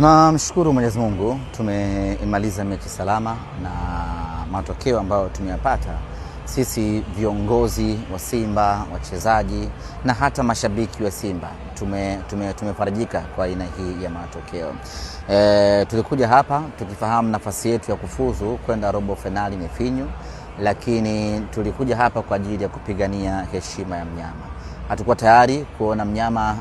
Tunamshukuru Mwenyezi Mungu tumeimaliza mechi salama, na matokeo ambayo tumeyapata sisi viongozi wa Simba, wachezaji na hata mashabiki wa Simba tumefarajika tume, tume kwa aina hii ya matokeo e, tulikuja hapa tukifahamu nafasi yetu ya kufuzu kwenda robo fainali ni finyu, lakini tulikuja hapa kwa ajili ya kupigania heshima ya mnyama hatukuwa tayari kuona mnyama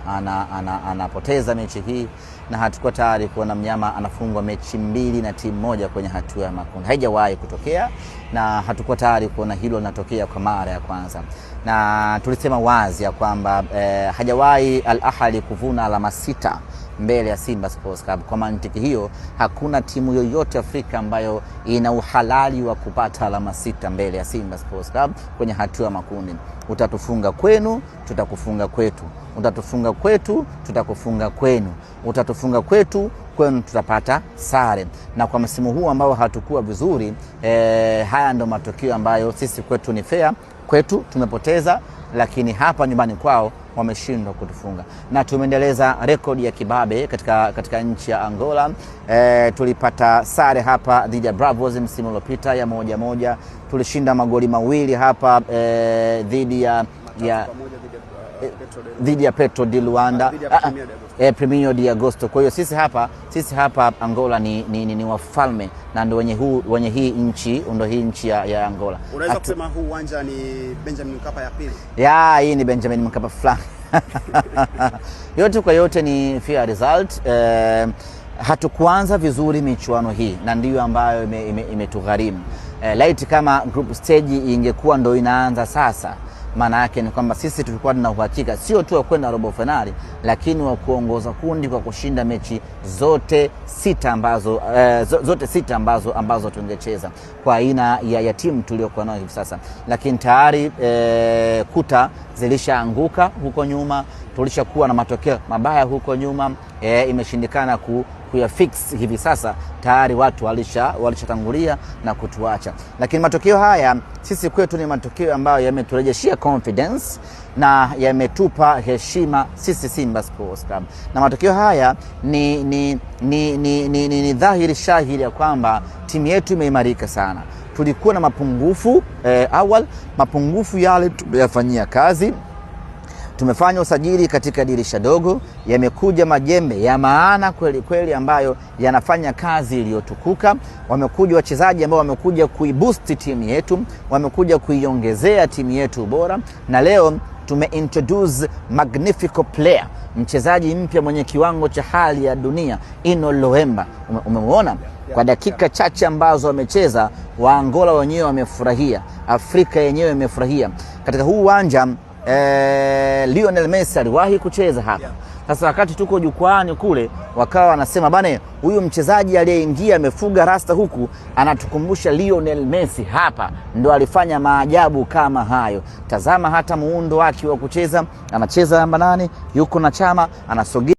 anapoteza ana, ana mechi hii na hatukuwa tayari kuona mnyama anafungwa mechi mbili na timu moja kwenye hatua ya makundi. Haijawahi kutokea na hatukuwa tayari kuona hilo linatokea kwa mara ya kwanza, na tulisema wazi ya kwamba eh, hajawahi Al Ahly kuvuna alama sita mbele ya Simba Sports Club. Kwa mantiki hiyo, hakuna timu yoyote Afrika ambayo ina uhalali wa kupata alama sita mbele ya Simba Sports Club kwenye hatua ya makundi. Utatufunga kwenu, tutakufunga kwetu. Utatufunga kwetu, tutakufunga kwenu. Utatufunga kwetu kwenu tutapata sare, na kwa msimu huu ambao hatukuwa vizuri eh, haya ndo matokeo ambayo sisi kwetu ni fair, kwetu tumepoteza lakini hapa nyumbani kwao wameshindwa kutufunga, na tumeendeleza rekodi ya kibabe katika, katika nchi ya Angola. E, tulipata sare hapa dhidi ya Bravos msimu uliopita ya moja moja, tulishinda magoli mawili hapa e, dhidi ya ya uh, eh, dhidi ya Petro di Luanda ah, eh, Primeiro de Agosto. Kwa hiyo sisi hapa sisi hapa Angola ni, ni, ni, ni wafalme na ndio wenye, wenye hii nchi ndio hii nchi ya, ya Angola. Unaweza kusema huu uwanja ni Benjamin Mkapa ya pili. Ya, hii ni Benjamin Mkapa flani yote kwa yote ni fair result eh, hatukuanza vizuri michuano hii na ndiyo ambayo imetugharimu ime, ime eh, laiti kama group stage ingekuwa ndio inaanza sasa maana yake ni kwamba sisi tulikuwa tuna uhakika sio tu wa kwenda robo fainali, lakini wa kuongoza kundi kwa kushinda mechi zote sita ambazo, eh, zote sita ambazo, ambazo tungecheza kwa aina ya, ya timu tuliyokuwa nayo hivi sasa, lakini tayari eh, kuta zilishaanguka huko nyuma, tulishakuwa na matokeo mabaya huko nyuma eh, imeshindikana ku kuyafix hivi sasa, tayari watu walishatangulia walisha na kutuacha. Lakini matokeo haya sisi kwetu ni matokeo ambayo yameturejeshia confidence na yametupa heshima sisi Simba Sports Club, na matokeo haya ni, ni, ni, ni, ni, ni, ni dhahiri shahiri ya kwamba timu yetu imeimarika sana. Tulikuwa na mapungufu eh, awal Mapungufu yale tumeyafanyia kazi. Tumefanya usajili katika dirisha dogo, yamekuja majembe ya maana kweli kweli ambayo yanafanya kazi iliyotukuka. Wamekuja wachezaji ambao wamekuja kuiboost timu yetu, wamekuja kuiongezea timu yetu ubora, na leo tumeintroduce magnifico player, mchezaji mpya mwenye kiwango cha hali ya dunia Ino Loemba. Umemwona kwa dakika chache ambazo wamecheza, Waangola wenyewe wamefurahia, Afrika yenyewe imefurahia katika huu uwanja eh, Lionel Messi aliwahi kucheza hapa yeah. Sasa wakati tuko jukwani kule, wakawa wanasema bane, huyu mchezaji aliyeingia amefuga rasta huku anatukumbusha Lionel Messi, hapa ndo alifanya maajabu kama hayo. Tazama hata muundo wake wa kucheza, anacheza namba nane, yuko na chama anasogea